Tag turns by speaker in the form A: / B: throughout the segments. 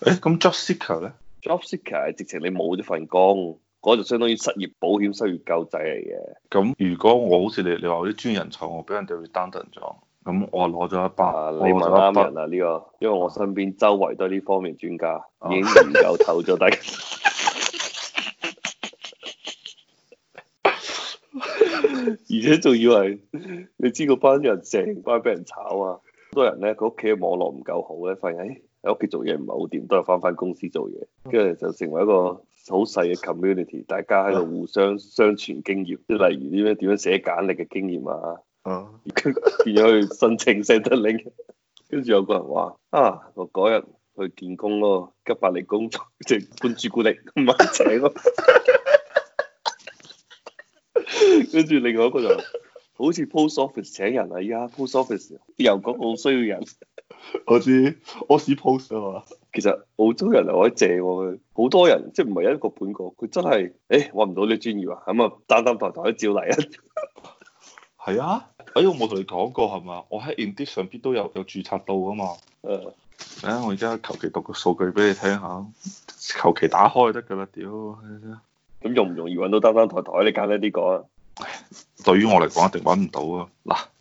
A: 誒，咁、欸、job seeker 咧？job seeker 係直情你冇咗份工，嗰度相當於失業保險、失業救濟嚟嘅。咁如果我好似你，你話啲專人才我俾人哋 redundant 咗，
B: 咁我
A: 攞咗一包，啊、一包你問啱人啊呢、這個，因為我身邊周圍都係呢方面專家，啊、已經研究透咗。 而且仲要係，你知嗰班人成班俾人,人炒啊，多人咧佢屋企嘅網絡唔夠好咧，發現。喺屋企做嘢唔係好掂，都係翻返公司做嘢，跟住就成為一個好細嘅 community，大家喺度互相相傳經驗，即係例如啲咩點樣寫簡歷嘅經驗啊，變咗去申請寫得拎，跟住有個人話啊，我嗰日去見工咯，吉百利工作，即係搬朱古力唔肯請咯，跟住 另外一個就好似 post office 請人啊，依家 post office 郵局好需要人。我知，我史 post 啊嘛。其實澳洲人嚟我以借佢、啊，好多人即係唔係一個半個，佢真係誒揾唔到啲專業啊。咁啊，單單台台照嚟啊。係 啊，哎、欸，我冇同你講過係嘛？
B: 我喺 Indeed 上邊都有有註冊到㗎嘛。誒、啊欸，我而家求其讀個數據俾你睇下，求其打開
A: 得㗎啦。屌、啊，咁容唔容易揾到單單台台？你揀呢啲啊？
B: 對於我嚟講，一定揾唔到啊！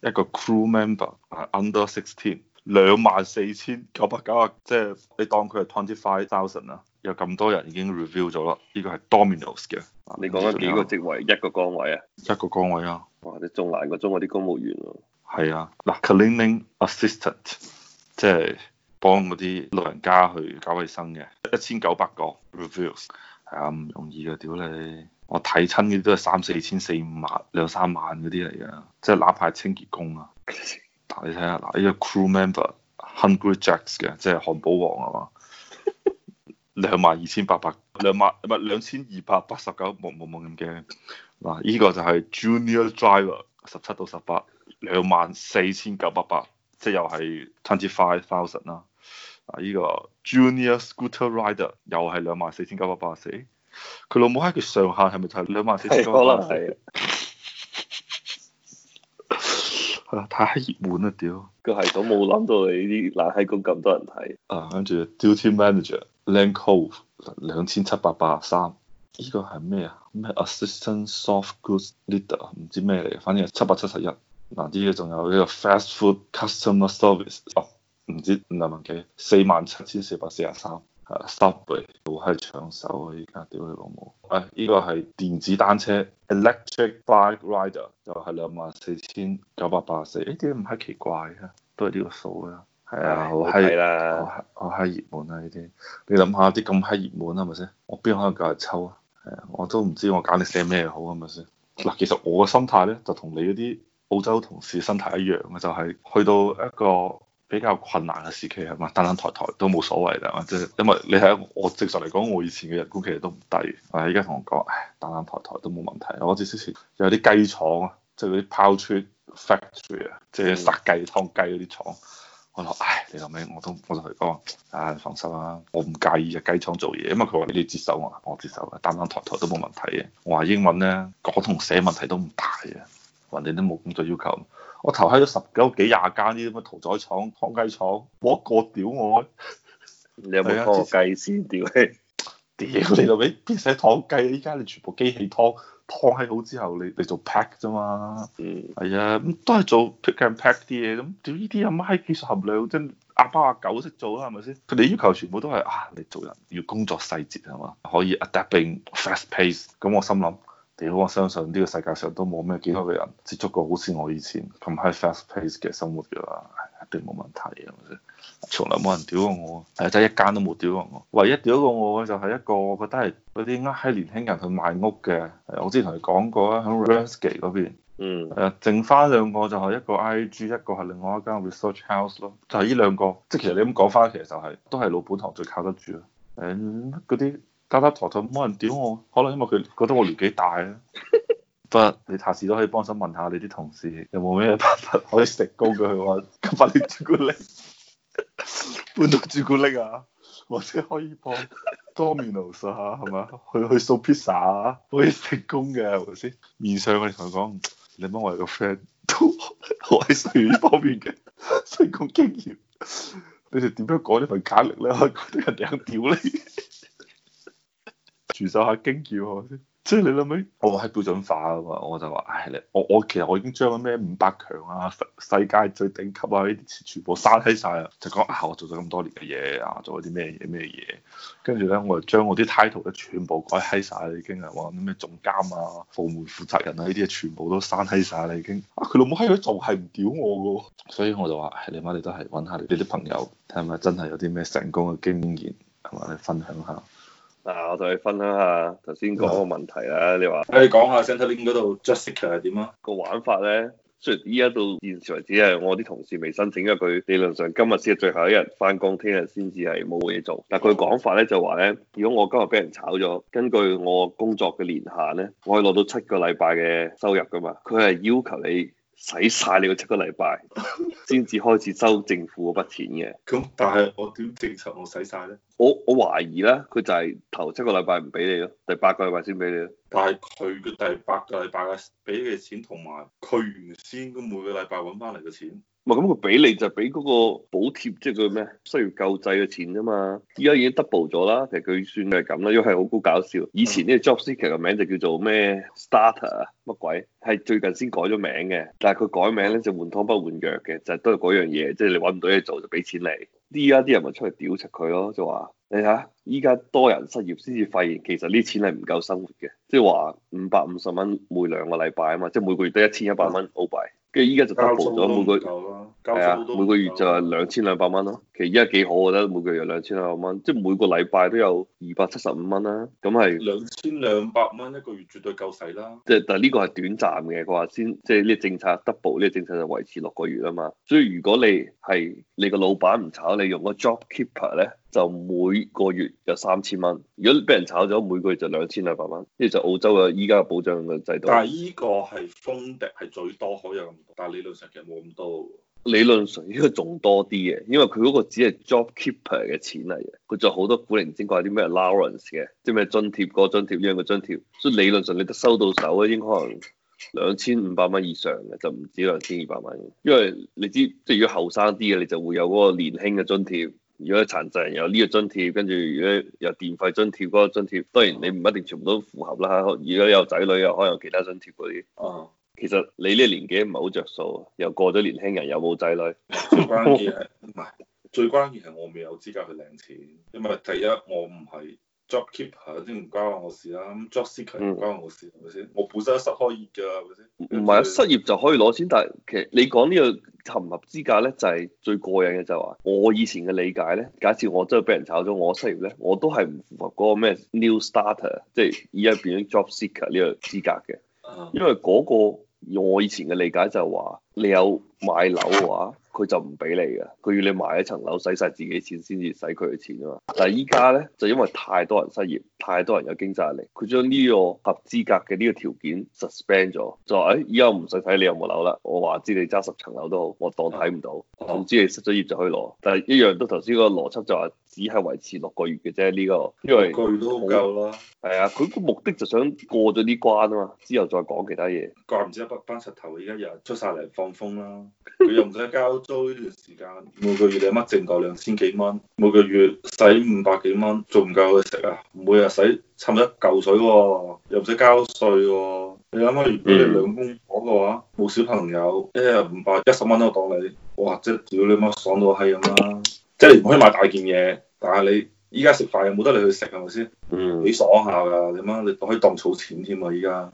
B: 嗱，一個 crew member under sixteen。兩萬四千九百九啊，24, ten, 即係你當佢係 twenty five thousand 啊，有咁多人已經 review 咗啦，呢、這個係 dominos 嘅。嗯、你講緊幾個職位一個崗位啊？一個崗位啊！哇，你仲難過中國啲公務員喎。係啊，嗱、嗯、cleaning assistant，即係幫嗰啲老人家去搞衞生嘅，一千九百個 reviews。係啊，唔容易㗎，屌你！我睇親嗰啲都係三四千、四五萬、兩三萬嗰啲嚟㗎，即係哪怕清潔工啊。你睇下嗱，呢個 crew member Hungry Jacks 嘅，即係漢堡王啊嘛，兩萬二千八百，兩萬唔係兩千二百八十九，冇冇冇咁驚。嗱，呢個就係 junior driver，十七到十八，兩萬四千九百八，即係又係 twenty five thousand 啦。啊，呢個 junior scooter rider 又係兩萬四千九百八十四，佢老母喺佢上下係咪就係兩萬四千九百八？可能係。太熱門啦屌！
A: 個系統冇諗到你啲冷門工咁多人睇啊！跟住 duty manager
B: land call 兩千七百八十三，呢個係咩啊？咩 assistant soft goods leader 唔知咩嚟，反正係七百七十一。嗱，呢個仲有呢個 fast food customer service 哦，唔知唔問問幾四萬七千四百四十三。啊 s t o w a y 好閪搶手啊！而家屌你老母！啊、哎！呢個係電子單車，electric bike rider 就係兩萬四千九百八十四。誒點解咁閪奇怪嘅？都係呢個數啊！係、哎、啊，好閪、哎，好好閪熱門啊！呢啲你諗下啲咁閪熱門係咪先？我邊可能夠嚟抽啊？係啊，我都唔知我揀你寫咩好係咪先？嗱，其實我嘅心態咧就同你嗰啲澳洲同事心態一樣嘅，就係、是、去到一個。比較困難嘅時期係嘛，擔擔抬抬都冇所謂啦，即係因為你睇，我正常嚟講，我以前嘅人工其實都唔低，但係依家同我講，唉，擔擔抬抬都冇問題。我之前有啲雞廠啊，即係嗰啲 poultry factory 啊，即係殺雞、燙雞嗰啲廠，我諗唉，你諗咩？我都我就同佢講，唉，放心啦，我唔介意嘅雞廠做嘢，因為佢話你接受我，我接受嘅，擔擔抬抬都冇問題嘅。我話英文咧，講同寫問題都唔大嘅，人哋都冇工作要求。我投喺咗十九幾廿間呢啲咁嘅屠宰廠、湯雞廠，冇一個屌我。 你有冇湯雞先屌，屌你？屌你老味，邊使湯雞啊？依家你全部機器湯湯起好之後你，你你做 pack 啫嘛。嗯。係啊、哎，咁都係做 pick and pack 啲嘢，咁屌依啲阿媽喺技術含量真阿包阿狗識做啦，係咪先？佢哋要求全部都係啊，你做人要工作細節係嘛，可以 adapting fast pace。咁我心諗。屌！我相信呢個世界上都冇咩幾多嘅人接觸過好似我以前咁 high fast pace 嘅生活嘅話，哎，一定冇問題嘅，係咪先？從來冇人屌過我，係真係一間都冇屌過我。唯一屌過我嘅就係一個，我覺得係嗰啲呃嘿年輕人去賣屋嘅。我之前同你講過啦，喺 Ruski 嗰邊，嗯，係剩翻兩個就係一個 IG，一個係另外一間 research house 咯。就係呢兩個，即係其實你咁講翻，其實就係、係、都係老本行最靠得住啊。嗯、哎，啲。偷偷抬抬，冇人屌我，可能因為佢覺得我年紀大啊。不， 你下次都可以幫手問下你啲同事，有冇咩辦法可以成功嘅？佢話：給翻啲朱古力，半多朱古力啊！或者可以幫 Dominos 下係咪啊？去去送披薩，可以成功嘅先。面上我哋同佢講：你幫我個 friend，都係熟於呢方面嘅，成功經驗。你哋點樣改呢份簡歷咧？我覺得人哋肯屌你？住手下驚叫，我先，即係你諗下，我係標準化啊嘛，我就話，唉，你我我其實我已經將嗰咩五百強啊、世界最頂級啊呢啲全部刪閪晒啦，就講啊，我做咗咁多年嘅嘢啊，做咗啲咩嘢咩嘢，跟住咧，我就將我啲 title 都全部改閪晒啦，已經，話啲咩總監啊、部門負責人啊呢啲嘢全部都刪閪晒啦，已經，佢老母喺度做係唔屌我噶，所以我就話，你媽你都係揾下你啲朋友，睇下係咪真係有啲咩成功嘅經驗，同埋你分享下？
A: 啊！我同你分享下頭先講個問題啦。嗯、你話說，誒你講下 Central Link 嗰度 Jessica 係點啊？個玩法咧，雖然依家到現時為止係我啲同事未申請，因為佢理論上今日先係最後一日翻工，聽日先至係冇嘢做。但係佢講法咧就話咧，如果我今日俾人炒咗，根據我工作嘅年限咧，我可以攞到七個禮拜嘅收入噶嘛。佢係要求你。使晒你個七個禮拜，先至開始收政府嗰筆錢嘅。 咁但係我點正常我使晒咧？我，我懷疑咧，佢就係頭七個禮拜唔俾你咯，第八個禮拜先俾你咯。但係佢嘅第
B: 八個禮拜嘅俾你嘅錢同埋佢原先嘅每個禮拜揾翻嚟嘅錢。
A: 咁佢俾你就係俾嗰個補貼，即係佢咩？需要救濟嘅錢啫嘛。依家已經 double 咗啦。其實佢算係咁啦，因為係好搞笑。以前呢 job seeker 嘅名就叫做咩？starter 乜鬼？係最近先改咗名嘅。但係佢改名咧就換湯不換藥嘅，就都係嗰樣嘢，即係你揾唔到嘢做就俾錢你。啲依家啲人咪出去屌柒佢咯，就話你睇下，依家多人失業先至發現其實呢錢係唔夠生活嘅，即係話五百五十蚊每兩個禮拜啊嘛，即係每個月得一千一百蚊澳幣。跟住依家就 double 咗每個月，係啊，每月2，每個月就係兩千兩百蚊咯。其實依家幾好，我覺得每個月有兩千兩百蚊，即係每個禮拜都有二百七十五蚊啦。咁係兩千兩
B: 百蚊一個月絕對夠使啦。
A: 即係但係呢個係短暫嘅，佢話先，即係呢個政策 double，呢個政策就維持六個月啊嘛。所以如果你係你個老闆唔炒你，用個 job keeper 咧。就每個月有三千蚊，如果俾人炒咗，每個月就兩千兩百蚊。跟住就澳洲嘅依家嘅保障嘅制度，但係依
B: 個係封頂，係最多可以有咁多，但係理，理論上其實冇咁多。
A: 理論上應該仲多啲嘅，因為佢嗰個只係 job keeper 嘅錢嚟嘅，佢仲有好多古靈精怪啲咩 lawrence 嘅，即係咩津貼嗰、那個、津貼呢樣嗰津貼，所以理論上你都收到手咧，應該可能兩千五百蚊以上嘅，就唔止兩千二百蚊嘅，因為你知即係如果後生啲嘅，你就會有嗰個年輕嘅津貼。如果殘疾人有呢個津貼，跟住如果有電費津貼嗰個津貼，當然你唔一定全部都符合啦嚇。如果有仔女又可能有其他津貼嗰啲。啊、嗯，其實你呢年紀唔係好著數，又過咗年輕人，又冇仔女。最關鍵
B: 係唔係？ 最關鍵係我未有資格去領錢。因為第一我唔係 job keeper，一定唔關我事啦。咁 job seeker 唔關我事係咪先？嗯、我本身都失開業㗎係咪先？
A: 唔係啊，失業就可以攞錢，但係其實你講呢個合唔合資格咧，就係最過癮嘅就係話，我以前嘅理解咧，假設我真係俾人炒咗，我失業咧，我都係唔符合嗰個咩 new starter，即係而家變咗 job seeker 呢個資格嘅，因為嗰個我以前嘅理解就係話，你有買樓嘅話。佢就唔俾你噶，佢要你買一層樓，使晒自己錢先至使佢嘅錢啊嘛。但係依家咧就因為太多人失業，太多人有經濟壓力，佢將呢個合資格嘅呢個條件 suspend 咗，就話誒，依家唔使睇你有冇樓啦，我話知你揸十層樓都好，我當睇唔到，我唔知你失咗業就可以攞。但係一樣都頭先嗰個邏輯就係。只係維持六個月嘅啫，呢、呢個，六為個月都夠啦。係啊，佢個目的就想過咗啲關啊嘛，之後再講其他嘢。
B: 怪唔知一北班石頭，而家日日出晒嚟放風啦、啊。佢又唔使交租呢段時間， 每個月你乜淨夠兩千幾蚊，每個月使五百幾蚊，仲唔夠佢食啊？每日使差唔多一嚿水喎、啊，又唔使交稅喎、啊。你諗下，如果你兩公婆嘅話，冇小朋友，一日五百、一十蚊都當你，哇！即係屌你媽爽到閪咁啦～即係唔可以買大件嘢，但係你依家食飯有冇得你去食係咪先？是是嗯，幾爽下噶，你媽你可以當儲錢添啊！依家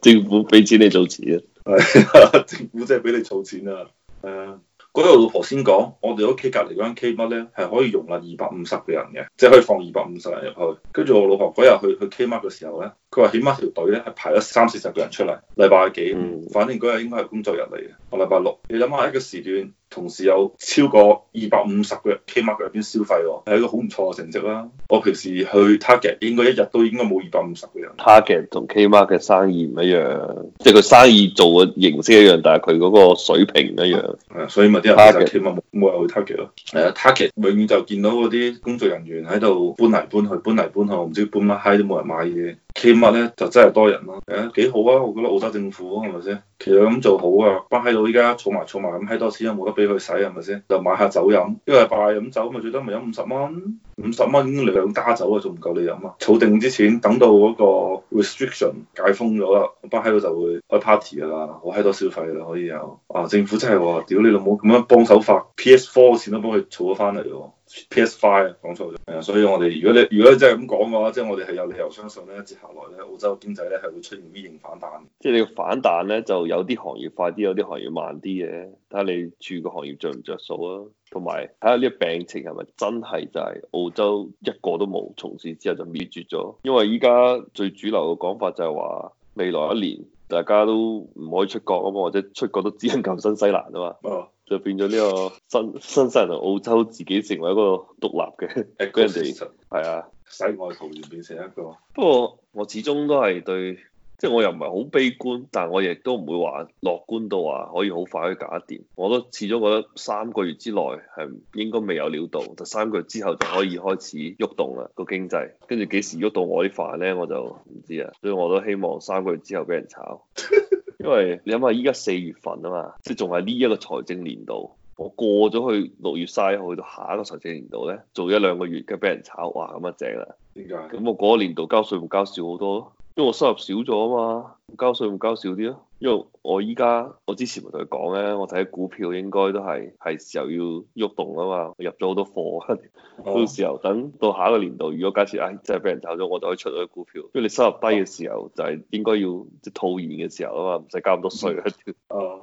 A: 政府俾錢你儲錢啊， 政，府錢
B: 政府真係俾你儲錢啊。係啊，嗰日老婆先講，我哋屋企隔籬嗰間 K 乜咧係可以用啊二百五十個人嘅，即、就、係、是、可以放二百五十人入去。跟住我老婆嗰日去去 K 乜嘅時候咧。佢話起碼條隊咧係排咗三四十個人出嚟，禮拜幾，嗯、反正嗰日應該係工作日嚟嘅，我禮拜六。你諗下一個時段，同時有超過二百五十個人 Kmart 佢入邊消費喎，係一個好唔錯嘅成績啦。我平時去 target 應該一日都應該冇二百五十個人。
A: target 同 Kmart 嘅生意唔一樣，即係佢生意做嘅形式一樣，但係佢嗰個水平一樣。啊、
B: 所以咪啲人 Kmart、er, 冇人去 tar、啊、target 咯。target 永遠就見到嗰啲工作人員喺度搬嚟搬去，搬嚟搬去，我唔知搬乜閪都冇人買嘢。天物咧就真係多人咯，啊，誒、啊、幾好啊！我覺得澳洲政府啊，係咪先？其實咁做好啊，班閪佬依家儲埋儲埋咁閪多錢啊，冇得俾佢使係咪先？就買下酒飲，一個禮拜飲酒咁啊，最多咪飲五十蚊，五十蚊兩加酒啊，仲唔夠你飲啊？儲定啲錢，等到嗰個 restriction 解封咗啦，班閪佬就會開 party 㗎啦，好閪多消費㗎啦可以有。啊，政府真係話，屌你老母咁樣幫手發，PS4 嘅錢都幫佢儲咗翻嚟喎，PS5 講錯咗。係啊，所以我哋如果你如果你真係咁講嘅話，即係我哋係有理由相信咧，接下來咧澳洲經濟咧係會出現 V 型反彈。
A: 即係你個反彈咧就。有啲行業快啲，有啲行業慢啲嘅。睇下你住個行業着唔着數啊，同埋睇下呢個病情係咪真係就係澳洲一個都冇，從此之後就滅絕咗。因為依家最主流嘅講法就係話，未來一年大家都唔可以出國啊嘛，或者出國都只能夠新西蘭啊嘛。啊就變咗呢、呢個新新西蘭同澳洲自己成為一個獨立嘅，俾人係啊世外
B: 桃源變成
A: 一個。不過我始終都係對。即係我又唔係好悲觀，但係我亦都唔會話樂觀到話可以好快去搞掂。我都始終覺得三個月之內係應該未有料到，就三個月之後就可以開始喐動啦個經濟。跟住幾時喐到我啲飯呢，我就唔知啊。所以我都希望三個月之後俾人炒， 因為你諗下依家四月份啊嘛，即仲係呢一個財政年度。我過咗去六月三十，我去到下一個財政年度呢，做一兩個月嘅俾人炒，哇咁啊正啦！
B: 點解咁
A: 我嗰個年度交稅會交少好多？因為我收入少咗啊嘛，交稅唔交少啲咯。因為我依家我之前咪同你講咧，我睇股票應該都係時候要喐動啊嘛，我入咗好多貨。 到時候等到下一個年度，如果假設唉、哎、真係俾人炒咗，我就可以出嗰啲股票。因為你收入低嘅時候 就係應該要即係、就是、套現嘅時候啊嘛，唔使交咁多稅啊。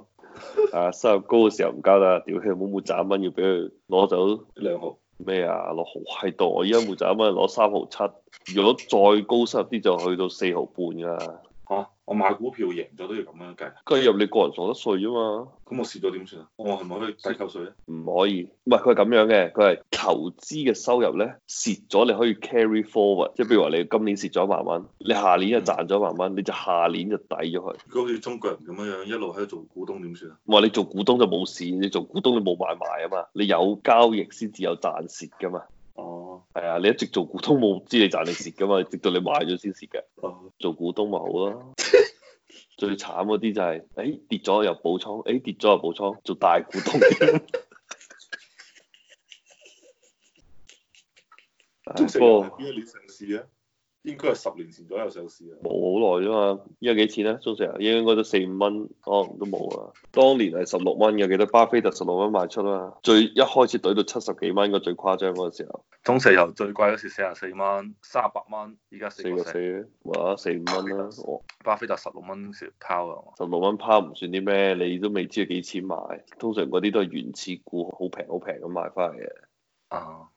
A: 啊，收入高嘅時候唔交啦，屌，佢冇冇賺蚊要俾佢攞走兩毫。咩啊？六毫喺度，我依家冇就咁樣攞三毫七，如果再高收入啲就去到四毫半噶啦。吓、啊，我買股票贏咗都要咁樣計？佢入你個人所得稅啊嘛。咁、嗯、我蝕咗點算
B: 啊？我係咪可以抵
A: 扣稅咧？唔可以，唔係佢係咁樣嘅，佢係投資嘅收入咧，蝕咗你可以 carry forward，即係譬如話你今年蝕咗一萬蚊，你下年就賺咗一萬蚊，嗯、你就下年就抵咗佢。如
B: 果好似中國人咁樣樣，一路喺度做股東點算啊？
A: 話你做股東就冇事，你做股東你冇買賣啊嘛，你有交易先至有賺蝕噶嘛。係啊，你一直做股東冇知你賺你蝕噶嘛，直到你買咗先蝕嘅。做股東咪好咯， 最慘嗰啲就係，誒、哎、跌咗又補倉，誒、哎、跌咗又補倉，做大股東。中
B: 應該
A: 係十年前左右上市啊，冇好耐啫嘛。依家幾錢咧、啊？中石油應該都四五蚊，可能都冇啦。當年係十六蚊嘅，記得巴菲特十六蚊賣出啦。最一開始懟到七十幾蚊個最誇張嗰個時候，中石油最貴嗰時四十
B: 四蚊，三十八蚊，依家四十四，或者四
A: 五蚊啦。啊哦、巴菲特十六蚊蝕拋啊，十六蚊拋唔算啲咩，你都未知佢幾錢買。通常嗰啲都係原始股，好平好平咁賣翻嚟嘅。啊。Uh.